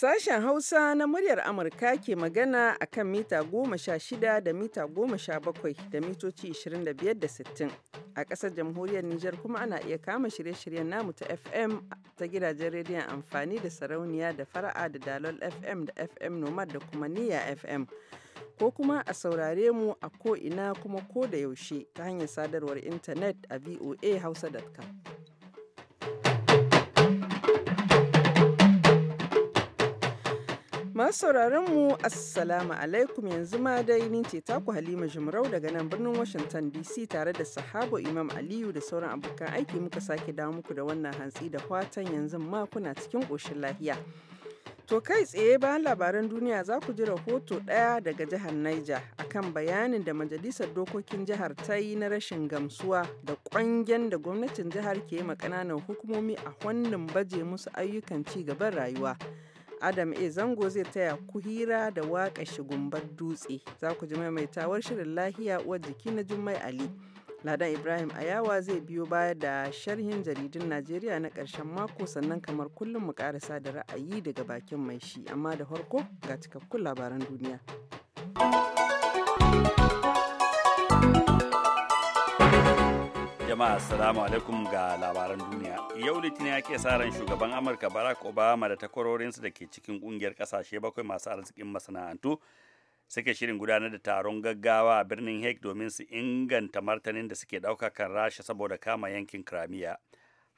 Sashen Hausa na muryar Amurka ke magana a kan mita goma sha shida da mita goma bakwai da mitoci 25 da 60. A ƙasar jamhuriyar Nijar kuma ana iya kama shirye-shiryen namu ta FM ta gidajen rediyon amfani da sarauniya da fara'a da dalol FM da FM Nomad da kuma Niyya FM. Ko kuma a saurare mu a ko ina kuma ko da yaushe ta hanyar sadarwar intanet a voa voahausa.com. Masu sauraron mu Assalamu alaikum yanzu ma dai ni ce taku Halima Jumrau daga nan birnin Washington DC tare da sahabo Imam Aliyu da sauran abokan aiki muka sake dawo muku da wannan hantsi da fatan yanzu ma kuna cikin ƙoshin lahiya. To kai tsaye bayan labaran duniya za ku ji rahoto ɗaya daga jihar Niger akan bayanin da Majalisar Dokokin Jihar ta yi na rashin gamsuwa da ƙwangen da gwamnatin jihar ke yi ma ƙananan hukumomi a wannan baje musu ayyukan ci gaban rayuwa. Adam A. Zango zai taya ku hira da waƙa shigumbar dutse. Za ku ji maimaitawar shirin lahiya uwar jiki na Jummai Ali. Ladan Ibrahim Ayawa zai biyo baya da sharhin jaridun Najeriya na ƙarshen mako sannan kamar kullum mu ƙarasa da ra'ayi daga bakin mai shi amma da farko ga cikakkun labaran duniya. jama'a assalamu alaikum ga labaran duniya yau litinin ya ke sa ran shugaban amurka barack obama da takwarorinsu da ke cikin kungiyar kasashe bakwai masu arzikin masana'antu suke shirin gudanar da taron gaggawa a birnin hague domin su inganta martanin da suke ɗauka kan rasha saboda kama yankin kramiya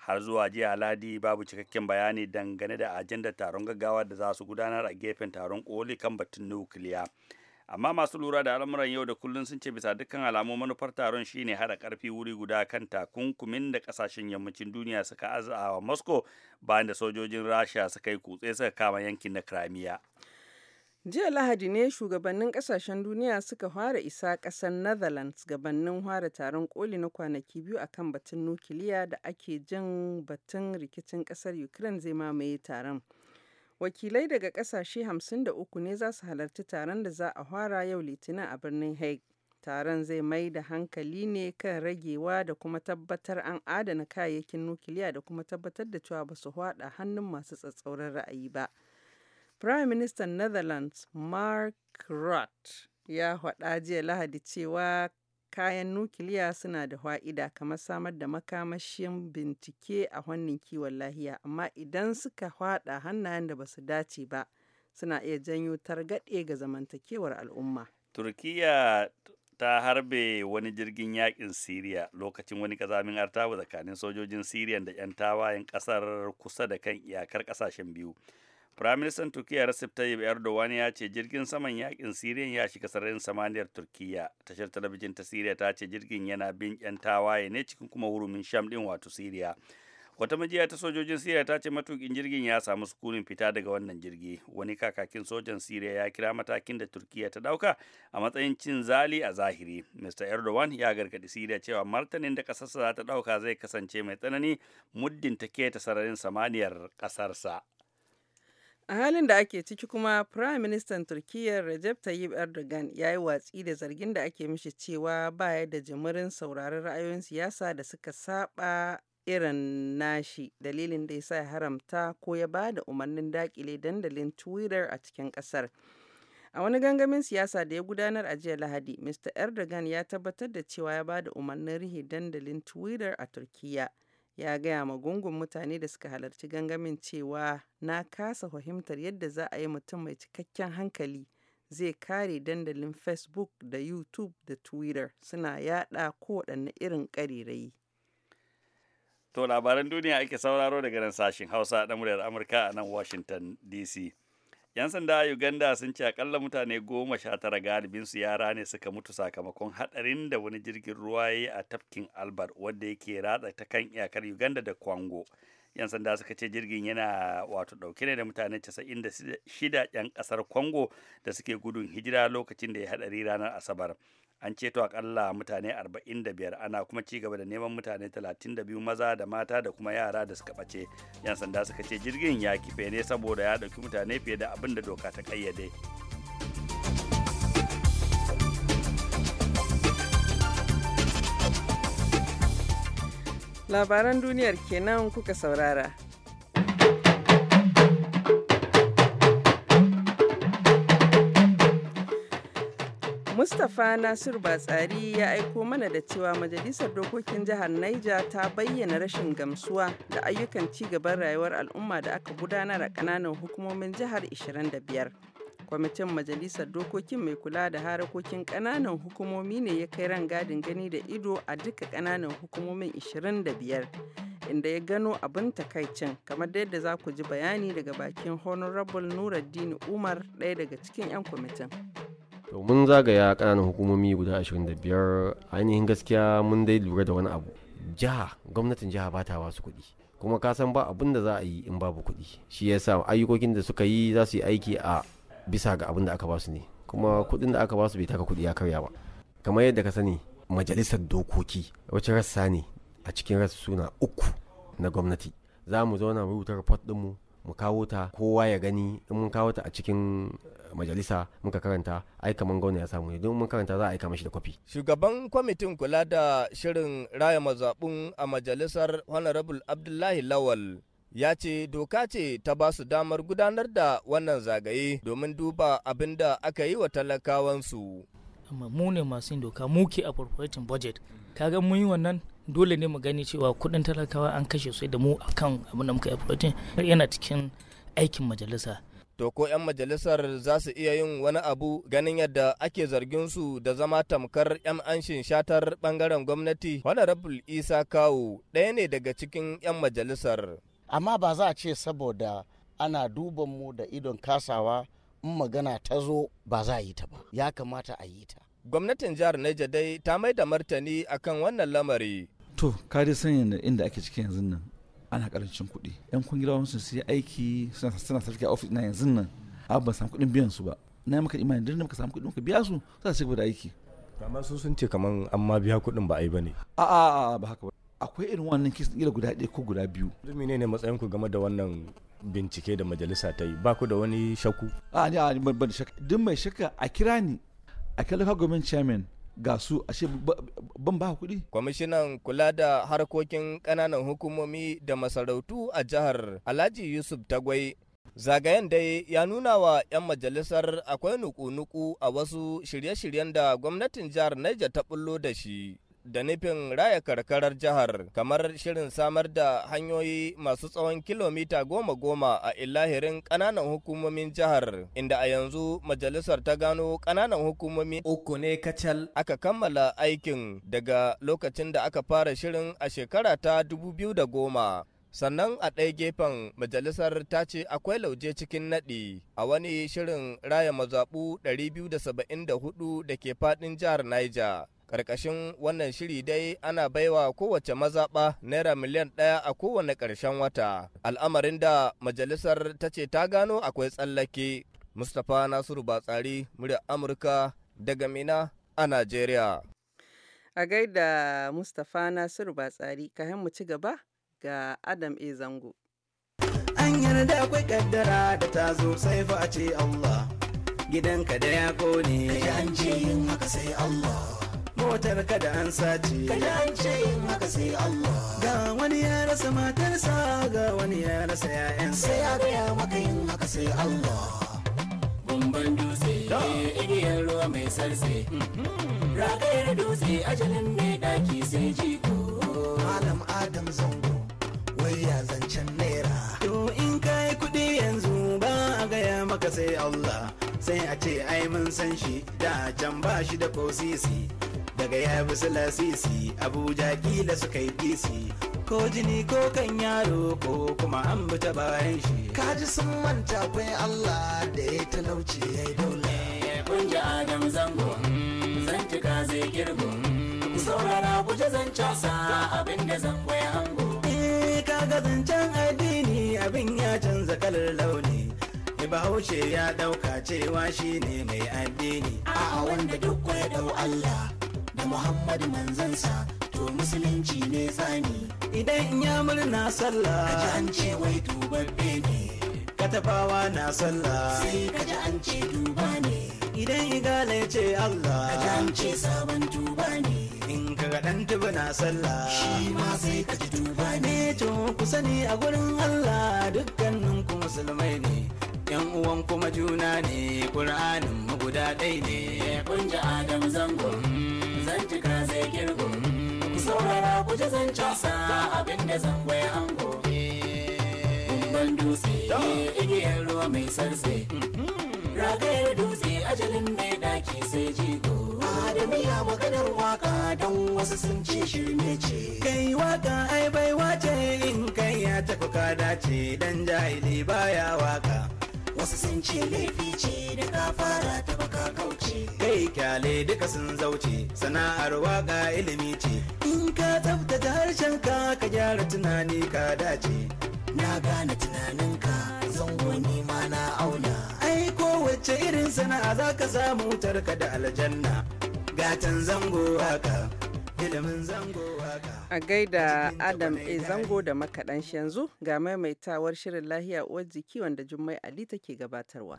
har zuwa jiya ladi babu cikakken bayani dangane da ajandar taron gaggawa da za su gudanar a gefen taron koli kan batun nukiliya amma masu lura da al'amuran yau da kullun sun ce bisa dukkan alamu manufar taron shine hada karfi wuri guda kan takunkumin da kasashen yammacin duniya suka azawa moscow bayan da sojojin rasha suka yi kutse suka kama yankin na crimea jiya lahadi ne shugabannin kasashen duniya suka fara isa kasar netherlands gabanin fara taron koli na kwanaki biyu akan batun nukiliya da ake jin batun rikicin kasar ukraine zai mamaye taron wakilai daga kasashe 53 ne za su halarci taron da za a fara yau litinin a birnin hague taron zai mai da hankali ne kan ragewa da kuma tabbatar an adana kayayyakin nukiliya da kuma tabbatar da cewa ba su hada hannun masu tsatsauran ra'ayi ba prime minister netherlands mark rutte ya faɗa jiya lahadi cewa kayan nukiliya suna da fa'ida kamar samar da makamashin bincike a wannan kiwon lahiya amma idan suka fada hannayen da basu dace ba suna iya janyo targaɗe ga zamantakewar al'umma turkiya ta harbe wani jirgin yakin siriya lokacin wani kazamin artabu tsakanin sojojin siriya da 'yan tawayen kasar kusa da kan iyakar kasashen biyu Firaministan Turkiyya Recep Tayyip Erdogan ya ce jirgin saman yakin Siriyan ya shiga sararin samaniyar Turkiyya. Tashar talabijin ta Siriya ta ce jirgin yana bin 'yan tawaye ne cikin kuma hurumin Sham din wato Siriya. Wata majiya ta sojojin Siriya ta ce matukin jirgin ya samu sukunin fita daga wannan jirgi. Wani kakakin sojan Siriya ya kira matakin da Turkiyya ta dauka a matsayin cin zali a zahiri. Mr. Erdogan ya gargadi Siriya cewa martanin da kasarsa za ta dauka zai kasance mai tsanani muddin ta keta sararin samaniyar kasarsa. A halin da ake ciki kuma, Prime Ministan Turkiyya Recep Tayyip Erdogan ya yi watsi da zargin da ake mishi cewa baya da jimirin sauraron ra'ayoyin siyasa da suka saba irin nashi dalilin da ya sa haramta ko ya ba da umarnin dakile dandalin Twitter a cikin ƙasar. A wani gangamin siyasa da ya gudanar a jiya Lahadi, Mr. Erdogan ya tabbatar da cewa ya ba da umarnin rihe dandalin Twitter a Turkiyya. ya gaya ma gungun mutane da suka halarci gangamin cewa na kasa fahimtar yadda za a yi mutum mai cikakken hankali zai kare dandalin facebook da youtube da twitter suna yada kowaɗanne irin ƙarerayi to labaran duniya ake sauraro daga nan sashen hausa da muryar amurka a nan washington dc 'Yan sanda Uganda sun ce akalla mutane goma sha tara su yara ne suka mutu sakamakon haɗarin da wani jirgin ruwa ya a tafkin Albert wadda yake ratsa ta kan iyakar Uganda da Kwango. 'Yan sanda suka ce jirgin yana wato ɗauke ne da mutane 96 'yan ƙasar Kwango da suke gudun hijira lokacin da ya haɗari ranar Asabar. an ceto akalla mutane 45 ana kuma ci gaba da neman mutane 32 maza da mata da kuma yara da suka ɓace yan sanda suka ce jirgin ya kife ne saboda ya ɗauki mutane fiye da abin da doka ta ƙayyade labaran duniyar kenan kuka saurara Mustapha Nasir Batsari ya aiko mana da cewa Majalisar Dokokin Jihar Naija ta bayyana rashin gamsuwa da ayyukan ci gaban rayuwar al'umma da aka gudanar a ƙananan hukumomin jihar 25. Kwamitin Majalisar Dokokin mai kula da harakokin ƙananan hukumomi ne ya kai rangadin gani da ido a duka ƙananan hukumomin 25. inda ya gano abin takaicin kamar da yadda za ku ji bayani daga bakin honorable nuruddin umar ɗaya daga cikin 'yan kwamitin. to mun zagaya kananan hukumomi guda 25 ainihin gaskiya mun dai lura da wani abu jiha gwamnatin jiha ba ta wasu kuɗi kuma ka san ba abin da za a yi in babu kuɗi shi ya sa ayyukokin da suka yi za su yi aiki a bisa ga abin da aka basu ne kuma kuɗin da aka basu bai taka kuɗi ya karya ba kamar yadda ka sani majalisar dokoki wacce rassa ne a cikin rassuna uku na gwamnati za mu zauna mu rubuta report ɗinmu mu kawo ta kowa ya gani in mun kawo ta a cikin eh, majalisa muka karanta ai kaman gwamna ya samu ne don mun karanta za a aika mashi da kwafi. Shugaban kwamitin kula da shirin raya mazaɓun a majalisar Honorable Abdullahi Lawal ya ce doka ce ta ba su damar gudanar da wannan zagaye domin duba abin da aka yi wa talakawansu. amma mu ne masu yin doka mu ke appropriating budget kaga mun yi wannan dole ne mu gani cewa kuɗin talakawa an kashe su da mu kan abin da muka appropriating yana cikin aikin majalisa to ko 'yan majalisar za su iya yin wani abu ganin yadda ake zargin su da zama tamkar 'yan anshin shatar bangaren gwamnati honorable isa kawu ɗaya ne daga cikin 'yan majalisar amma ba za a ce saboda ana duban mu da idon kasawa in magana ta zo ba za a yi ta ba ya kamata a yi ta gwamnatin jihar Naija dai ta mai da martani akan wannan lamari to ka dai sanya inda ake cikin yanzu nan ana karancin kuɗi yan wasu su yi aiki suna sarki a ofis na yanzu nan abu ba samu kuɗin biyan su ba na maka imani da muka samu kuɗin muka biya su za su ci gaba da aiki amma sun sun ce kaman an ma biya kuɗin ba a yi ba ne a'a ba haka ba akwai irin wannan kisan ila guda ɗaya ko guda biyu. Mene ne matsayin ku game da wannan bincike da majalisa ta yi ba ku da wani shaku? A ni a ni ban shakka duk mai shakka a kira ni a kira local government chairman ga su ashe ban ba kuɗi. Kwamishinan kula da harkokin ƙananan hukumomi da masarautu a jihar Alhaji Yusuf Tagwai Zagayen dai ya nuna wa 'yan majalisar akwai nuku-nuku a wasu shirye-shiryen da gwamnatin jihar Niger ta bullo da shi. da nufin raya karkarar jihar kamar shirin samar da hanyoyi masu tsawon kilomita goma goma a ilahirin ƙananan hukumomin jihar inda a yanzu majalisar ta gano ƙananan hukumomi uku ne kacal aka kammala aikin daga lokacin da aka fara shirin a shekara ta 2010 sannan a ɗaya gefen majalisar ta ce akwai lauje cikin naɗi a wani shirin raya mazaɓu 274 da ke faɗin jihar niger Ƙarƙashin wannan shiri dai ana baiwa kowace mazaɓa naira miliyan ɗaya a kowane ƙarshen wata, al'amarin da majalisar ta ce ta gano akwai tsallake. Mustapha Nasiru Batsari, muryar Amurka daga Mina a Najeriya. A gaida Mustapha Nasiru Batsari, ka mu ci gaba ga Adam E. Zango. An yarda akwai kaddara da ta zo sai fa a ce Allah, gidanka da ya kone. Ka ji an ce yin haka sai Allah. motar ka da an sace kada an ce yin haka sai Allah ga wani ya rasa matarsa ga wani ya rasa yayan sai ya ya maka yin haka sai Allah bumban dutse igiyar ruwa mai sarse mm-hmm. ragayar dutse ajalin ne daki sai jiko malam adam zango wai ya zancen naira to in kai kuɗi yanzu ba a gaya maka sai Allah sai a ce ai mun san shi da can ba shi da kosisi daga yabi lasisi abuja kila suka yi disi ko jini ko kan yaro ko kuma an buta bayan shi kaji sun manta kwai allah da ya talauci ya yi dole eh, kunja adam zango zantuka zai kirgo saurara guje zan casa abin da zango ya hango eh, kaga zancen addini abin ya canza kalar launi eh, bahaushe ya dauka cewa shine mai addini a wanda duk ya dau allah muhammadu manzansa to musulunci ne zani idan ya murna sallah ka ji an ce wai dubabbe ne tafawa na sallah sai ka ji an ce duba ne idan igala ya ce allah ka ji an ce sabon tuba ne in ka ga dan tuba na sallah shi ma sai ka ji tuba ne eh, to ku sani a gurin allah dukkanin ku musulmai ne yan uwan kuma juna ne ƙur'anin mu guda ɗai ne kun ji adam zango zan cika zai kirgo ku saurara ku ji zan abin abinda zango ya hango ban dutse igiyar ruwa mai sarse ragayar dutse ajalin mai daki sai jigo adami ya maganar waka don wasu sun ci shirme ce kai waka ai baiwa ce in kai ya tafi kada ce, dan jahili baya waka wasu sun ce laifi ce da ka fara ta baka kauce kai kyale duka sun zauce sana'ar waka ilimi ce in ka tsaftace harshen ka ka gyara tunani ka dace na gane ka zango ma na auna ai kowace irin sana'a za ka samu tarka da aljanna gatan zango haka A gaida Adam A zango da makaɗan yanzu ga maimaitawar shirin lahiya uwar jiki wanda Jummai Ali take gabatarwa.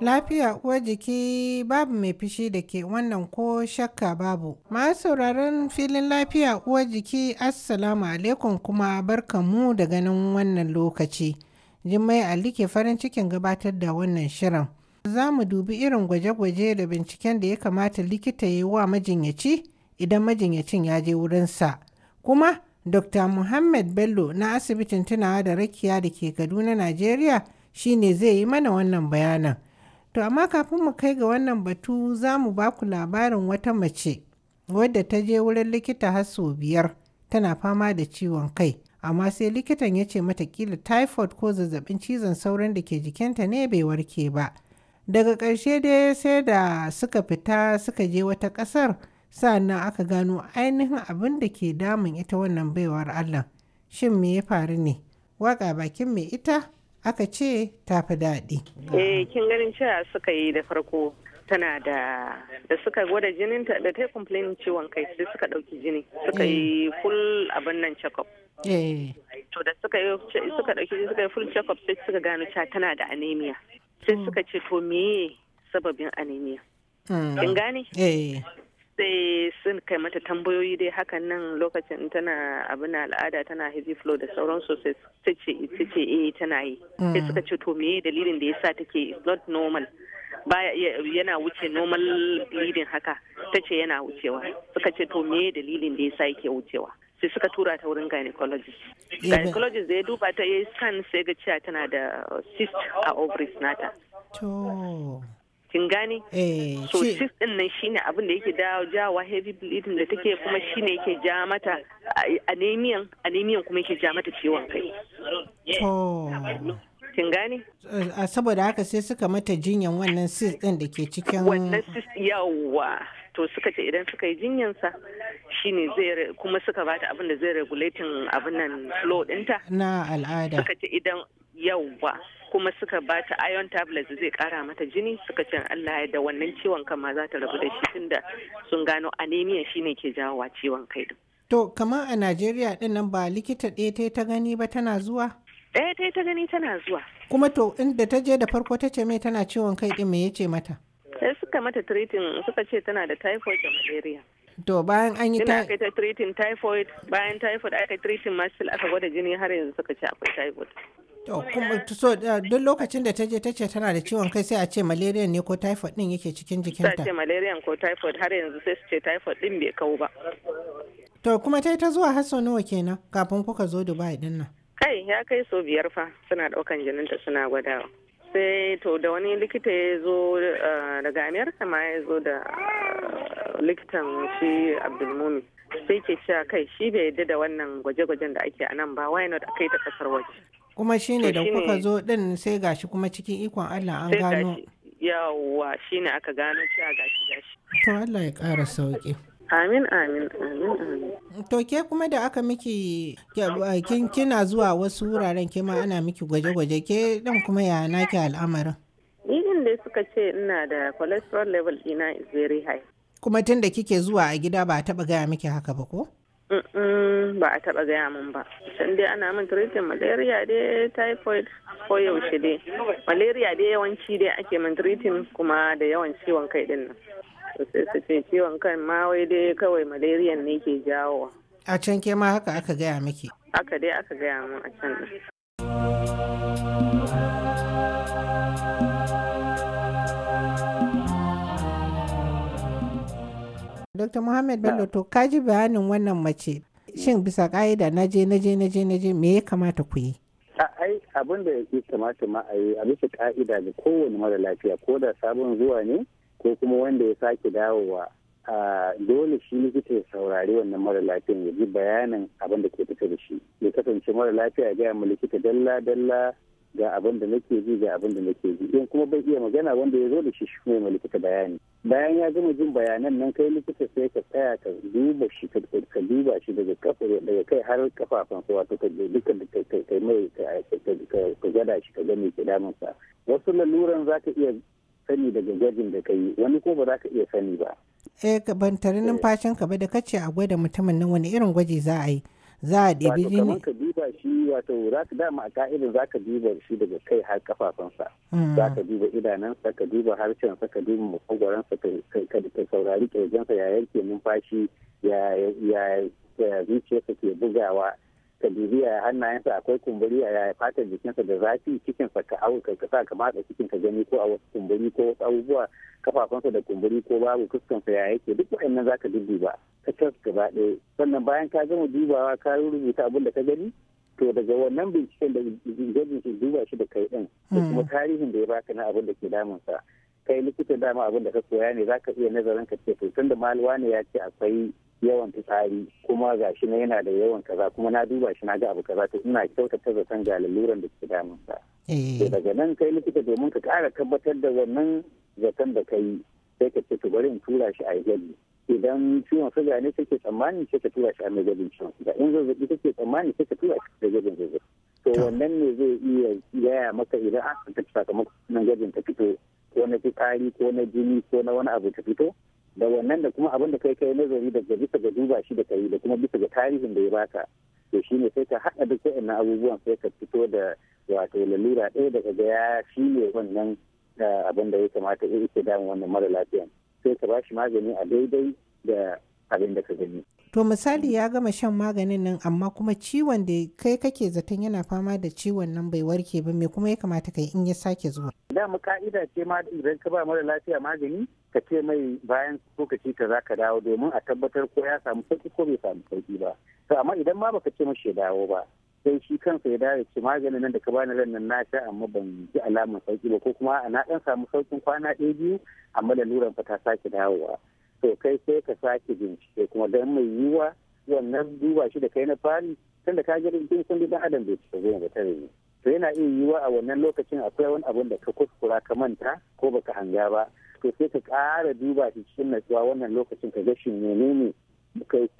Lafiya uwar jiki babu mai fishi da ke wannan ko shakka babu. Masu sauraron filin lafiya uwar jiki Assalamu alaikum kuma barkanmu da ganin wannan lokaci. Jummai Ali ke farin cikin gabatar da wannan shirin. Za mu dubi irin gwaje-gwaje da binciken da ya kamata likita ya yi wa majinyaci idan majinyacin ya je wurinsa. Kuma Dr. Muhammad Bello na asibitin tunawa da rakiya da ke Kaduna, Najeriya shine zai yi mana wannan bayanan. To amma kafin mu kai ga wannan batu za mu ba ku labarin wata mace wadda ta je wurin likita har sau biyar tana fama da ciwon kai. amma sai likitan ya ce mata kila typhoid ko zazzabin cizon sauran da ke jikinta ne bai warke ba daga ƙarshe dai sai da suka fita suka je wata ƙasar sa'annan aka gano ainihin abin da ke damun ita wannan baiwar allah shin me ya faru ne waka bakin mai ita aka ce ta fi daɗi. Eh, kin ganin cewa suka yi da farko tana da da suka gwada jinin ta da ta yi ciwon kai sai suka ɗauki jini suka yi full abin nan check up Eh. to da suka yi suka dauki suka yi full check up sai suka gano cewa tana da anemia sai hmm. suka ce to meye sababin anemia hmm. kin gane eh. sai sun kai mata tambayoyi dai hakan nan lokacin tana abin al'ada tana heavy flow da sauran sosai sai ce ita ce eh tana yi sai hmm. suka ce to meye dalilin da yasa take is not normal baya yana wuce normal bleeding haka ta ce yana wucewa suka ce to meye dalilin da yasa yake wucewa sai suka tura ta wurin gynecologist gynecologist da ya duba ta yi scan sai ga cewa tana da cyst a ovaries nata to kin gane eh, so cyst din nan shine abin da yake jawa heavy bleeding da take kuma shine yake ja mata anemian anemian kuma yake ja mata ciwon kai kin gane? Eh, saboda haka sai suka mata jinyan wannan cyst din da ke cikin wannan cyst yawa to suka ce idan suka yi jinyansa shine zai kuma suka bata abin da zai regulating abin nan flow dinta na al'ada suka ce idan yauwa kuma suka bata iron tablets zai kara mata jini suka ce Allah ya da wannan ciwon kama ma za ta rabu da shi tunda sun gano anemia shine ke jawowa ciwon kai To kamar a Najeriya din nan ba likita ɗaya ta ta gani ba tana zuwa? Ɗaya ta ta gani tana zuwa. Kuma to inda ta je da farko ta ce mai tana ciwon kai ɗin me ya ce mata? sai suka mata treating suka ce tana da typhoid da malaria to bayan an yi ta aka ta treating typhoid bayan typhoid aka treating muscle aka gwada jini har yanzu suka ce akwai typhoid to kuma so uh, duk lokacin da ta je ta ce tana da ciwon kai sai a ce malaria ne ko typhoid din yake cikin jikinta sai a ce malaria ko typhoid har yanzu sai su ce typhoid din bai kawo ba to kuma ta ta zuwa hasso nawa kenan kafin kuka zo Dubai din nan kai ya kai so biyar fa suna daukan ta suna gwadawa sai to da wani likita ya zo eh, daga amerika ma ya zo da eh, likitan shi abdulmumi sai ke cewa kai shi bai yadda da wannan gwaje-gwajen da ake a nan ba why not kai ta kasar waje kuma shi ne da kuka zo din sai gashi kuma cikin ikon allah an gano yawwa ne aka gano cewa gashi gashi to allah ya kara sauki Amin, amin, amin, amin. To ke kuma da aka miki kina zuwa wasu wuraren ke ma ana miki gwaje-gwaje ke dan kuma ya naki al'amarin. Ni din da suka ce ina da cholesterol level ina is very high. Kuma tun da kike zuwa a gida ba a taba gaya miki haka ba ko? ba a taba gaya min ba can dai ana min treating malaria dai typhoid ko yaushe dai malaria dai yawanci dai ake min treating kuma da yawan ciwon kai din nan sai su ce ciwon kan ma wai dai kawai malariyan ne ke jawo a can ke ma haka aka gaya miki haka dai aka gaya mun a can Dr. Muhammad Bello to kaji bayanin wannan mace shin bisa ka'ida na je na je na je na je me ya kamata ku yi? ai abin da ya kamata ma a yi a bisa ka'ida ne kowane mara lafiya ko da sabon zuwa ne ko kuma wanda ya sake dawowa dole shi likita ya saurari wannan mara lafiyan ya ji bayanin abin da ke fita da shi ya kasance mara lafiya ya gaya ma likita dalla dalla ga abin da nake ji ga abin da nake ji in kuma bai iya magana wanda ya zo da shi shi ma likita bayani bayan ya gama jin bayanan nan kai likita sai ka tsaya ka duba shi ka duba shi daga kafa daga kai har kafafan su wato ka je duka da kai kai mai ka gada shi ka gani ke damunsa wasu laluran zaka iya sani daga gwajin da ka yi wani ko ba za ka iya sani ba eh ban tare eh. numfashin ka ba da kace a gwada mutumin nan wani irin gwaji za a yi za a ɗebi jini wato ka duba shi wato za ka dama a ka'idar za ka duba shi daga kai har kafafunsa mm. za ka duba idanunsa ka duba harshensa ka duba makogwaransa ka saurari sa ya yanke numfashi ya zuciyarsa ke bugawa ka dubi a hannayensa akwai kumburi a yaya fatan jikinsa da zafi cikinsa ka auka ka sa ka matsa cikin ka gani ko a wasu kumburi ko wasu abubuwa kafafunsa da kumburi ko babu fuskansa ya yake duk waɗannan zaka dubba ka cas gaba ɗaya sannan bayan ka gama dubawa ka rubuta abin da ka gani to daga wannan binciken da gwajin su duba shi da kai ɗin da hmm. kuma tarihin da ya baka na abin da ke damunsa kai likita dama abin da ka koya ne za ka iya nazarin ka ce to tunda maluwa ne ya ce akwai yawan fitsari kuma ga shi na yana da yawan kaza kuma na duba shi na ga abu kaza to ina kyautata zaton ga laluran da ke damun sa. Eh. daga nan kai likita domin ka kara tabbatar da wannan zaton da kai sai ka ce bari in tura shi a gani. Idan ciwon suga ne take tsammani sai ka tura shi a mai gadin ciwon suga in zazzabi take tsammani sai ka tura shi a gadin zazzabi. To wannan ne zai iya yaya maka idan an sakamakon gadin ta fito ko na fitsari ko na jini ko na wani abu ta fito da wannan da kuma abin da kai kai nazari daga bisa ga duba shi da kai da kuma bisa ga tarihin da ya baka to shi ne sai ka haɗa duk na abubuwan sai ka fito da wato lalura ɗaya daga ga ya shi ne wannan eh, abin da ya kamata ya ke damun wannan mara lafiyan sai ka ba shi magani a daidai da abin da ka gani. to misali ya gama shan maganin nan amma kuma ciwon da kai kake zaton yana fama da ciwon nan bai warke ba mai kuma ya kamata kai in ya sake zuwa da mu ka'ida ce ma idan ka ba mara lafiya magani ka ce mai bayan lokaci ka za ka dawo domin a tabbatar ko ya samu sauki ko bai samu sauki ba to amma idan ma baka ce mashi ya dawo ba sai shi kansa ya dawo ce maganin nan da ka bani ran nan na sha amma ban ji alamar sauki ba ko kuma ana dan samu saukin kwana ɗaya biyu amma laluran fa ta sake dawowa to kai sai ka sake bincike kuma don mai yiwa wannan duba shi da kai na fari tun da ka ga rikin sun dan adam bai cika zuwa ta ne to yana iya yiwa a wannan lokacin akwai wani abin da ka kuskura ka manta ko baka hanga ba to sai ka kara duba shi cikin natsuwa wannan lokacin ka ga shin menene baka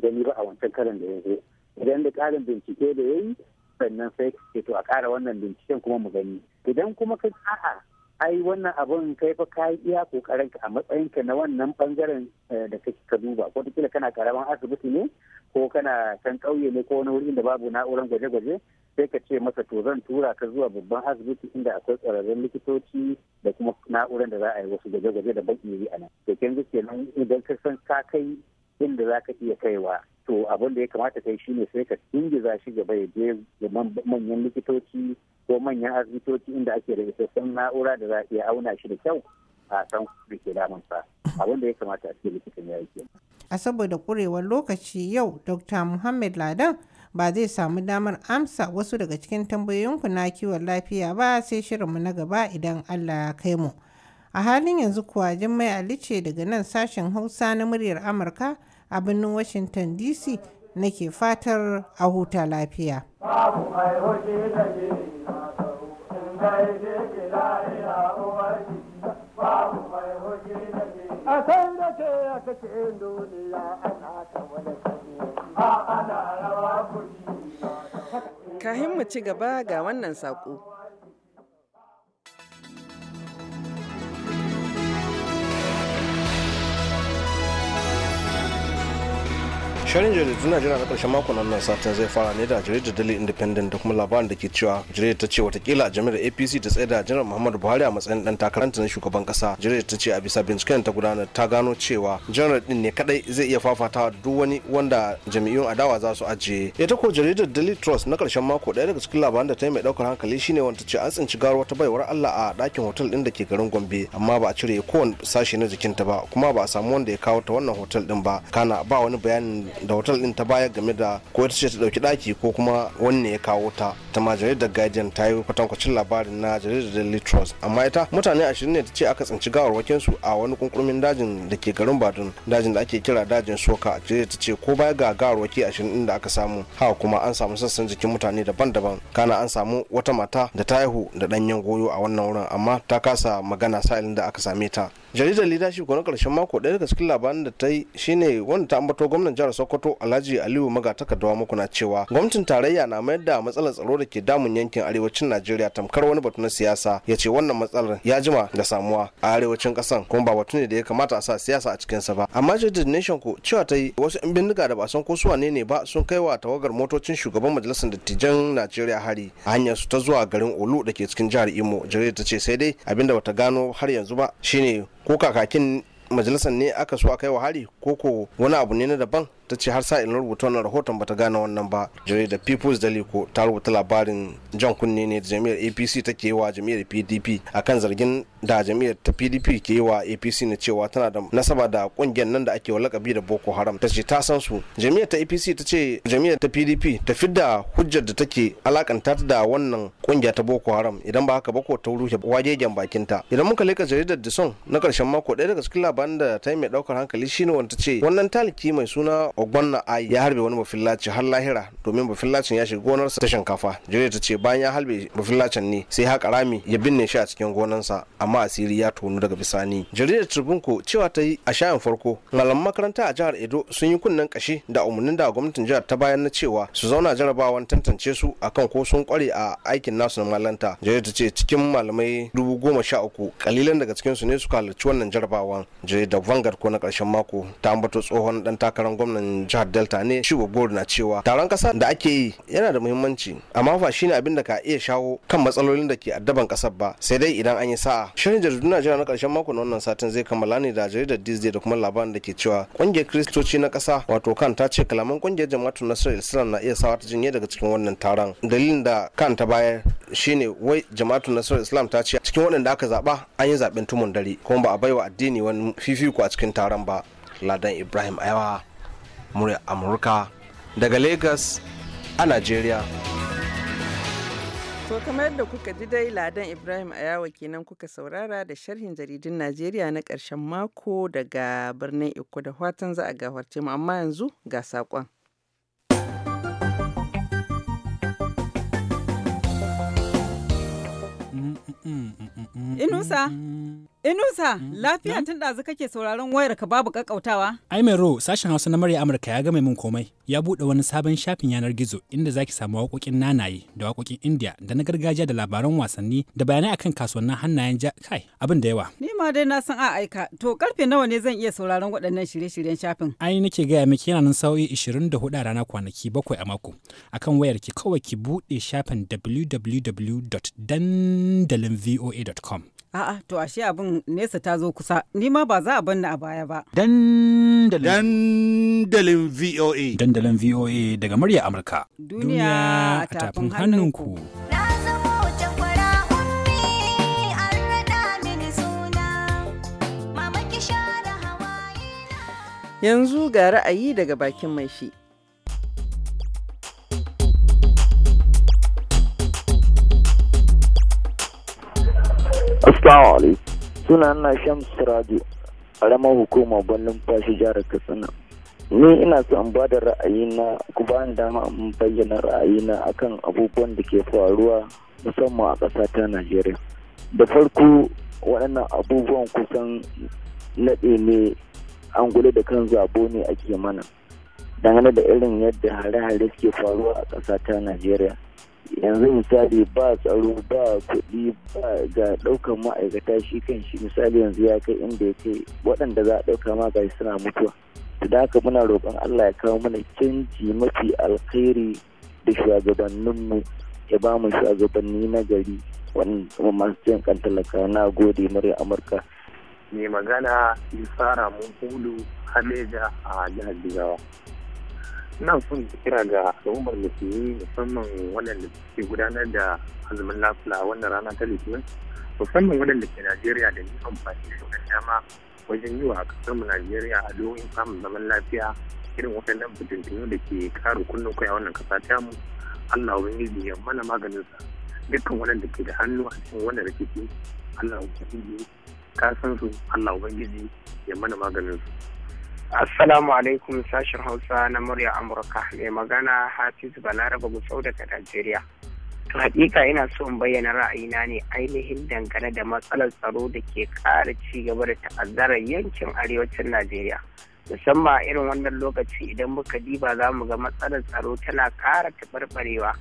gani ba a wancan karan da ya zo idan da karin bincike da ya yi sannan sai ka ce to a kara wannan binciken kuma mu gani idan kuma ka a'a ai wannan abun kai fa ka iya kokarin ka a matsayinka na wannan bangaren eh, da kake ka duba ko kila kana karaman asibiti ne ko kana kan kauye ne ko wani wurin da babu na'uran gwaje-gwaje sai ka ce masa to zan tura ka zuwa babban asibiti inda akwai tsararren likitoci da kuma na'uran da za a yi wasu gwaje-gwaje da ban yi a nan to kenan idan ka san ka kai inda za ka iya kaiwa to abin da ya kamata kai shine sai ka ingiza shi gaba ya je manyan likitoci ko manyan asibitoci inda ake da isassun na'ura da za a iya auna shi da kyau a san da ke damunsa abin da ya kamata a ce likitan ya yi a saboda kurewar lokaci yau dr muhammad ladan ba zai samu damar amsa wasu daga cikin tambayoyinku na kiwon lafiya ba sai shirinmu na gaba idan allah ya kai mu a halin yanzu kuwa jimmai ali ce daga nan sashen hausa na muryar amurka a birnin washington dc nake fatar a huta lafiya kahin mu ci gaba ga wannan saƙo. shirin jaridu najeriya na karshen makon nan satin zai fara ne da jaridar daily independent da kuma labarin da ke cewa jaridar ta ce watakila a jami'ar apc ta tsaye da janar muhammadu buhari a matsayin dan takaranta na shugaban kasa jaridar ta ce a bisa binciken ta gudanar ta gano cewa janar din ne kadai zai iya fafatawa da duk wani wanda jami'un adawa za su ajiye ita ko jaridar daily trust na karshen mako daya daga cikin labaran da ta yi mai daukar hankali shine wanda ce an tsinci gawar wata baiwar allah a dakin hotel din da ke garin gombe amma ba a cire kowane sashe na jikinta ba kuma ba a samu wanda ya kawo ta wannan hotel din ba kana ba wani bayanin da hotel din ta baya game da ko ita ce ta dauki daki ko kuma wanne ya kawo ta ta ma jaridar guardian ta yi kwatankwacin labarin na jaridar daily trust amma ita mutane ashirin ne ta ce aka tsinci gawarwakin su a wani kunkurmin dajin da ke garin badun dajin da ake kira dajin soka jaridar ta ce ko baya ga gawarwaki ashirin inda aka samu haka kuma an samu sassan jikin mutane daban-daban kana an samu wata mata da ta haihu da ɗanyen goyo a wannan wurin amma ta kasa magana sa'ilin da aka same ta jaridar leadership kwanan karshen mako ɗaya daga cikin labarin da ta yi shine wanda ta ambato gwamnan jihar sokoto alhaji aliyu magataka dawa muku na cewa gwamnatin tarayya na mayar da matsalar tsaro da ke damun yankin arewacin najeriya tamkar wani batu na siyasa ya ce wannan matsalar ya jima da samuwa a arewacin kasan kuma ba batu ne da ya kamata a sa siyasa a cikinsa ba amma jaridar nation ko cewa ta yi wasu yan bindiga da ba san ko su wane ne ba sun kai wa tawagar motocin shugaban majalisar dattijan najeriya hari a hanyar su ta zuwa garin olu da ke cikin jihar imo jaridar ta ce sai dai abinda bata gano har yanzu ba shine ko kakakin majalisar ne aka so a kai wa hari ko ko wani abu ne na daban ta ce har sa'in rubuta wannan rahoton bata gane wannan ba jaridar people's daily ko ta rubuta labarin jan kunne ne da jami'ar apc take wa jami'ar pdp akan zargin da jami'ar ta pdp ke yi wa apc na cewa tana da nasaba da kungiyar nan da ake wa lakabi da boko haram ta ce ta san su jami'ar ta apc ta ce jami'ar ta pdp ta fidda hujjar da take alakanta ta da wannan kungiya ta boko haram idan ba haka ba ko ta rushe wagegen ta. idan muka leka jaridar dison na karshen mako ɗaya daga cikin labaran da ta yi mai ɗaukar hankali shine wanda ta ce wannan taliki mai suna ogbonna ai ya harbe wani mafillaci har lahira domin mafillacin ya shiga gonarsa ta shinkafa jire ta ce bayan ya harbe mafillacin ne sai haka rami ya binne shi a cikin gonarsa amma asiri ya tonu daga bisani jaridar tribunko cewa ta yi a shayin farko malaman makaranta a jihar edo sun yi kunnen kashi da umarnin da gwamnatin jihar ta bayan na cewa su zauna jarabawan tantance su akan ko sun kware a aikin nasu na malanta jaridar ta ce cikin malamai dubu goma sha uku kalilan daga cikin su ne suka halarci wannan jarabawan da vangar ko na karshen mako ta ambato tsohon dan takarar gwamnan jihar delta ne shi gogor na cewa taron kasa da ake yi yana da muhimmanci amma fa shine abin da ka iya shawo kan matsalolin da ke addaban kasar ba sai dai idan an yi sa'a shirin jaridun najeriya na karshen mako na wannan satin zai kammala ne da jaridar disney da kuma labarin da ke cewa kungiyar kristoci na kasa wato kan ta ce kalaman kungiyar jama'atu nasarar islam na iya sawa ta jinye daga cikin wannan taron dalilin da kan ta bayar shine wai jama'atu nasarar islam ta ce cikin waɗanda aka zaɓa an yi zaɓen tumun dare kuma ba a baiwa addini wani fifiko a cikin taron ba ladan ibrahim ayawa murya amurka daga lagos a nigeria To kamar yadda kuka ji dai Ladan Ibrahim a Ayawa kenan kuka saurara da sharhin jaridun Najeriya na ƙarshen mako daga birnin Eko da watan za a gafarce mu amma yanzu ga saƙon. Mm, mm, mm, Inusa. Inusa, mm. lafiya tun ɗazu kake sauraron wayar ka babu kakautawa. Ai mai ro, sashen Hausa na murya Amurka ya gama min komai. Ya buɗe wani sabon shafin yanar gizo inda zaki samu waƙoƙin nanaye da waƙoƙin India da na gargajiya da labaran wasanni da bayanai akan kasuwannin hannayen ja kai abin da yawa. Ni ma dai na san a aika. To karfe nawa ne zan iya sauraron waɗannan shirye-shiryen shafin? Ai nake gaya miki yana nan sa'o'i 24 a rana kwanaki bakwai a mako. Akan wayar ki kawai ki buɗe shafin www.dandalinvoa.com. A'a to ashe abin nesa ta zo kusa nima ba za a ni a baya ba. Dandalin Dandalin VOA Dandalin VOA daga murya Amurka. Duniya a tafin hannunku. Yanzu ga ra'ayi daga bakin mai shi. Assalamu alaikum. Suna na Shams Radio, ƙaramar hukumar birnin fashi jihar Katsina. Ni ina son ba da ra'ayina ku ba ni dama in bayyana ra'ayina akan abubuwan da ke faruwa musamman a ƙasa ta Najeriya. Da farko waɗannan abubuwan kusan naɗe ne an gule da kan zabo ne ake mana. Dangane da irin yadda hare-hare suke faruwa a ƙasa ta Najeriya. yanzu misali ba tsaro ba kuɗi ba ga ɗaukan ma'aikata shi kan shi misali yanzu ya kai inda ya kai waɗanda za a ɗauka ma gashi suna mutuwa da haka muna roƙon Allah ya kawo mana canji mafi alkhairi da shugabanninmu ya ba mu shugabanni na gari wani masu jin kan talaka na gode murya Amurka. Mai magana Isara hulu Hameja a jihar Jigawa. ina son kira ga al'ummar musulmi musamman waɗanda suke gudanar da azumin lafula wannan rana ta litinin musamman waɗanda ke najeriya da nisan amfani da wannan dama wajen yi wa mu najeriya a domin samun zaman lafiya irin waɗannan fitintunu da ke karu kunnin kai a wannan ƙasa ta mu allah ubangiji ya mana maganin sa dukkan waɗanda ke da hannu a cikin wannan rikici allah ubangiji ka san su allah ubangiji ya mana maganin su. Assalamu alaikum sashen Hausa na murya Amurka mai magana Hafiz Balaraba Gusau daga Najeriya. To hakika ina so in bayyana ra'ayina ne ainihin dangane da matsalar tsaro da ke ƙara ci gaba da ta'azzara yankin arewacin Najeriya. Musamman a irin wannan lokaci idan muka diba za mu ga matsalar tsaro tana ƙara taɓarɓarewa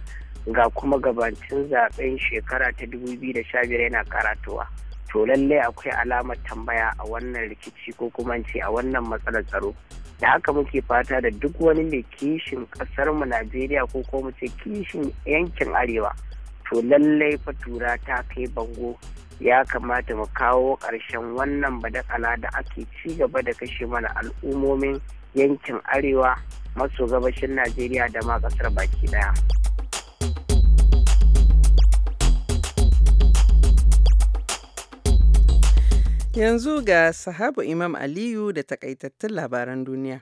ga kuma gabancin zaɓen shekara ta da 2015 yana karatuwa to lallai akwai alamar tambaya a wannan rikici ko kuma ce a wannan matsalar tsaro da haka muke fata da duk wani mai kishin kasar mu Najeriya ko ko mu ce kishin yankin arewa to lallai fatura ta kai bango ya kamata mu kawo ƙarshen wannan badakala da ake ci gaba da kashe mana al'ummomin yankin arewa maso gabashin Najeriya da ma ƙasar baki daya. Yanzu ga sahabu Imam Aliyu da takaitattun labaran duniya.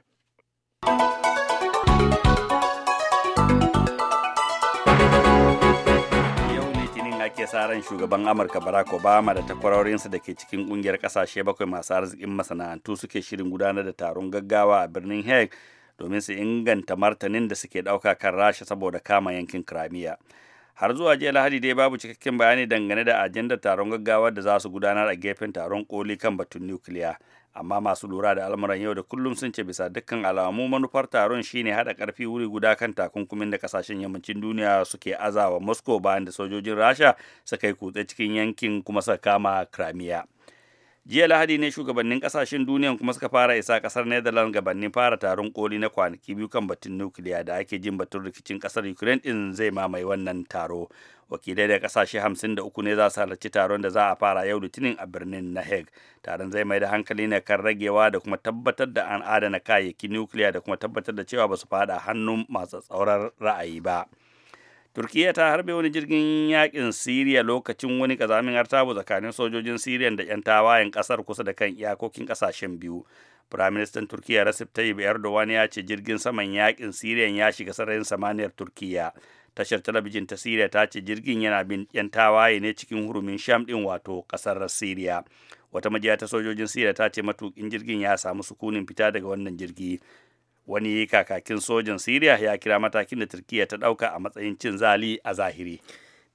ake sa ran shugaban amurka barack obama da takwarorinsa da ke cikin kungiyar kasashe bakwai masu arzikin masana'antu suke shirin gudanar da taron gaggawa a birnin hague domin su inganta martanin da suke dauka kan rasha saboda kama yankin kramiya har zuwa jiya lahadi dai babu cikakken bayani dangane da ajandar taron gaggawa da za su gudanar a gefen taron koli kan batun nukiliya amma masu lura da al'amuran yau da kullum sun ce bisa dukkan alamu manufar taron shine hada karfi wuri guda kan takunkumin da kasashen yammacin duniya suke azawa moscow bayan da sojojin rasha suka yi kutse cikin yankin kuma suka kama crimea jiya lahadi ne shugabannin kasashen duniya kuma suka fara isa kasar netherlands gabanin fara taron koli na kwanaki biyu kan batun nukiliya da ake jin batun rikicin kasar ukraine din zai mamaye wannan taro wakilai da kasashe 53 ne za su halarci taron da za a fara yau litinin a birnin na hague taron zai mai da hankali ne kan ragewa da kuma tabbatar da an adana kayayyakin nukiliya da kuma tabbatar da cewa ba su fada hannun masu tsaurar ra'ayi ba. turkiya ta harbe wani jirgin yakin siriya lokacin wani kazamin artabu tsakanin sojojin siriya da 'yan tawayen kasar kusa da kan iyakokin kasashen biyu firaministan turkiya recep tayyip erdogan ya ce jirgin saman yakin siriya ya shiga sararin samaniyar turkiyya tashar talabijin ta siriya ta ce jirgin yana bin 'yan tawaye ne cikin hurumin sham din wato kasar siriya wata majiya ta sojojin siriya ta ce matukin jirgin ya samu sukunin fita daga wannan jirgi wani kakakin sojin siriya ya kira matakin da turkiya ta ɗauka a matsayin cin zali a zahiri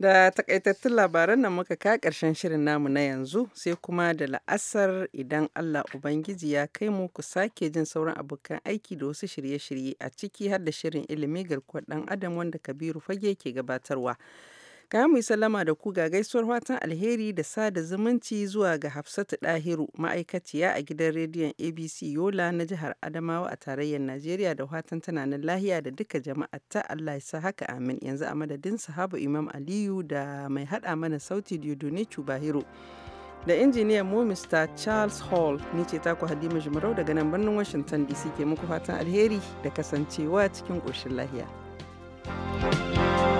da takaitattun labaran nan muka ka karshen shirin namu na yanzu sai kuma da la'asar idan allah ubangiji ya kai mu ku sake jin sauran abokan aiki da wasu shirye-shirye a ciki har da shirin ilimi garkuwar dan adam wanda kabiru fage ke gabatarwa Ka mu sallama da ku ga gaisuwar watan alheri da sada zumunci zuwa ga Hafsatu ɗahiru ma'aikaciya a gidan rediyon ABC Yola na jihar Adamawa a tarayyar Najeriya da watan tana nan lahiya da duka jama'ar ta Allah ya sa haka amin yanzu a madadin sahabu Imam Aliyu da mai hada mana sauti Diodone Chubahiro. da injiniyan mu Mr. Charles Hall ni ce taku Halima jimarau daga nan birnin Washington DC ke muku fatan alheri da kasancewa cikin ƙoshin lahiya. thank you